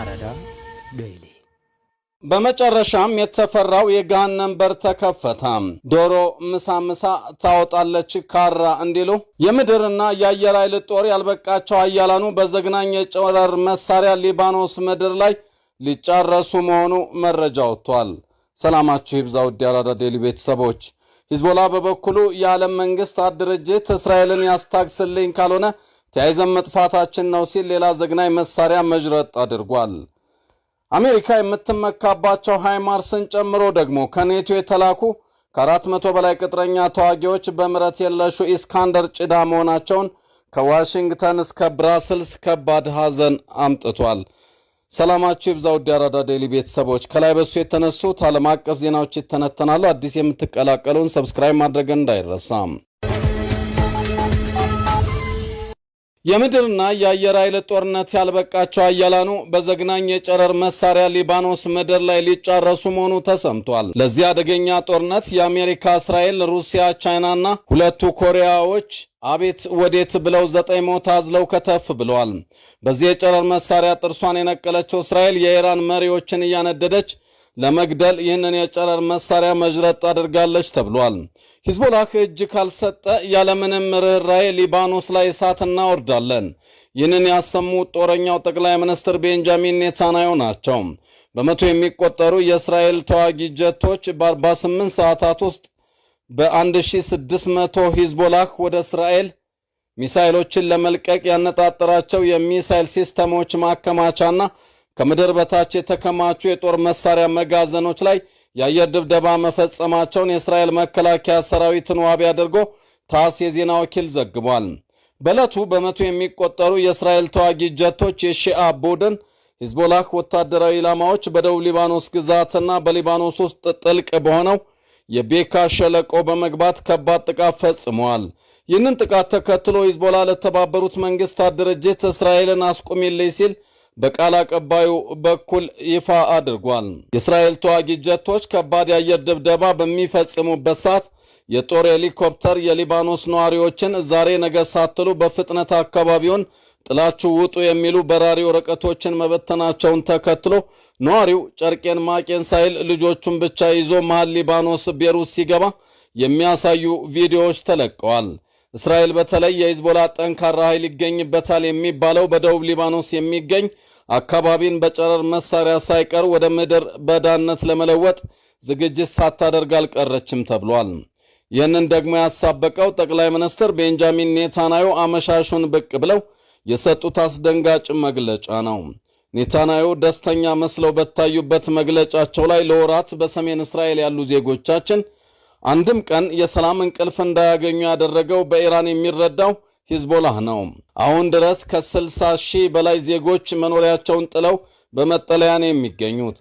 አራዳ ዴይሊ በመጨረሻም የተፈራው የገሃነም በር ተከፈተ። ዶሮ ምሳ ምሳ ታወጣለች ካራ እንዲሉ የምድርና የአየር ኃይል ጦር ያልበቃቸው አያላኑ በዘግናኝ የጨረር መሳሪያ ሊባኖስ ምድር ላይ ሊጨረሱ መሆኑ መረጃ ወጥቷል። ሰላማችሁ ይብዛ ውድ የአራዳ ዴይሊ ቤተሰቦች። ሂዝቦላ በበኩሉ የዓለም መንግስታት ድርጅት እስራኤልን ያስታግስልኝ ካልሆነ ተያይዘን መጥፋታችን ነው ሲል ሌላ ዘግናኝ መሳሪያ መዥረጥ አድርጓል። አሜሪካ የምትመካባቸው ሃይማርስን ጨምሮ ደግሞ ከኔቶ የተላኩ ከአራት መቶ በላይ ቅጥረኛ ተዋጊዎች በምረት የለሹ ኢስካንደር ጭዳ መሆናቸውን ከዋሽንግተን እስከ ብራስልስ ከባድ ሐዘን አምጥቷል። ሰላማችሁ ይብዛ ውድ አራዳ ዴሊ ቤተሰቦች፣ ከላይ በሱ የተነሱት ዓለም አቀፍ ዜናዎች ይተነተናሉ። አዲስ የምትቀላቀሉን ሰብስክራይብ ማድረግ እንዳይረሳም የምድርና የአየር ኃይል ጦርነት ያልበቃቸው አያላኑ በዘግናኝ የጨረር መሳሪያ ሊባኖስ ምድር ላይ ሊጫረሱ መሆኑ ተሰምቷል። ለዚህ አደገኛ ጦርነት የአሜሪካ፣ እስራኤል፣ ሩሲያ፣ ቻይናና ሁለቱ ኮሪያዎች አቤት ወዴት ብለው ዘጠኝ ሞት አዝለው ከተፍ ብለዋል። በዚህ የጨረር መሳሪያ ጥርሷን የነቀለችው እስራኤል የኢራን መሪዎችን እያነደደች ለመግደል ይህንን የጨረር መሳሪያ መዥረጥ አድርጋለች ተብሏል። ሂዝቦላህ እጅ ካልሰጠ ያለምንም ርኅራዬ ሊባኖስ ላይ እሳት እናወርዳለን። ይህንን ያሰሙት ጦረኛው ጠቅላይ ሚኒስትር ቤንጃሚን ኔታንያሁ ናቸው። በመቶ የሚቆጠሩ የእስራኤል ተዋጊ ጀቶች በ48 ሰዓታት ውስጥ በ1600 ሂዝቦላህ ወደ እስራኤል ሚሳይሎችን ለመልቀቅ ያነጣጠራቸው የሚሳይል ሲስተሞች ማከማቻና ከምድር በታች የተከማቹ የጦር መሳሪያ መጋዘኖች ላይ የአየር ድብደባ መፈጸማቸውን የእስራኤል መከላከያ ሰራዊትን ዋቢ አድርጎ ታስ የዜና ወኪል ዘግቧል። በዕለቱ በመቶ የሚቆጠሩ የእስራኤል ተዋጊ ጀቶች የሺአ ቡድን ሂዝቦላህ ወታደራዊ ኢላማዎች በደቡብ ሊባኖስ ግዛትና በሊባኖስ ውስጥ ጥልቅ በሆነው የቤካ ሸለቆ በመግባት ከባድ ጥቃት ፈጽመዋል። ይህንን ጥቃት ተከትሎ ሂዝቦላ ለተባበሩት መንግስታት ድርጅት እስራኤልን አስቁሚልኝ ሲል በቃል አቀባዩ በኩል ይፋ አድርጓል። የእስራኤል ተዋጊ ጀቶች ከባድ የአየር ድብደባ በሚፈጽሙበት ሰዓት የጦር ሄሊኮፕተር የሊባኖስ ነዋሪዎችን ዛሬ ነገ ሳትሉ በፍጥነት አካባቢውን ጥላችሁ ውጡ የሚሉ በራሪ ወረቀቶችን መበተናቸውን ተከትሎ ነዋሪው ጨርቄን ማቄን ሳይል ልጆቹን ብቻ ይዞ መሃል ሊባኖስ ቤሩት ሲገባ የሚያሳዩ ቪዲዮዎች ተለቀዋል። እስራኤል በተለይ የሂዝቦላ ጠንካራ ኃይል ይገኝበታል የሚባለው በደቡብ ሊባኖስ የሚገኝ አካባቢን በጨረር መሳሪያ ሳይቀር ወደ ምድር በዳነት ለመለወጥ ዝግጅት ሳታደርግ አልቀረችም ተብሏል። ይህንን ደግሞ ያሳበቀው ጠቅላይ ሚኒስትር ቤንጃሚን ኔታንያሁ አመሻሹን ብቅ ብለው የሰጡት አስደንጋጭ መግለጫ ነው። ኔታንያሁ ደስተኛ መስለው በታዩበት መግለጫቸው ላይ ለወራት በሰሜን እስራኤል ያሉ ዜጎቻችን አንድም ቀን የሰላም እንቅልፍ እንዳያገኙ ያደረገው በኢራን የሚረዳው ሂዝቦላህ ነው። አሁን ድረስ ከ60 ሺህ በላይ ዜጎች መኖሪያቸውን ጥለው በመጠለያ ነው የሚገኙት።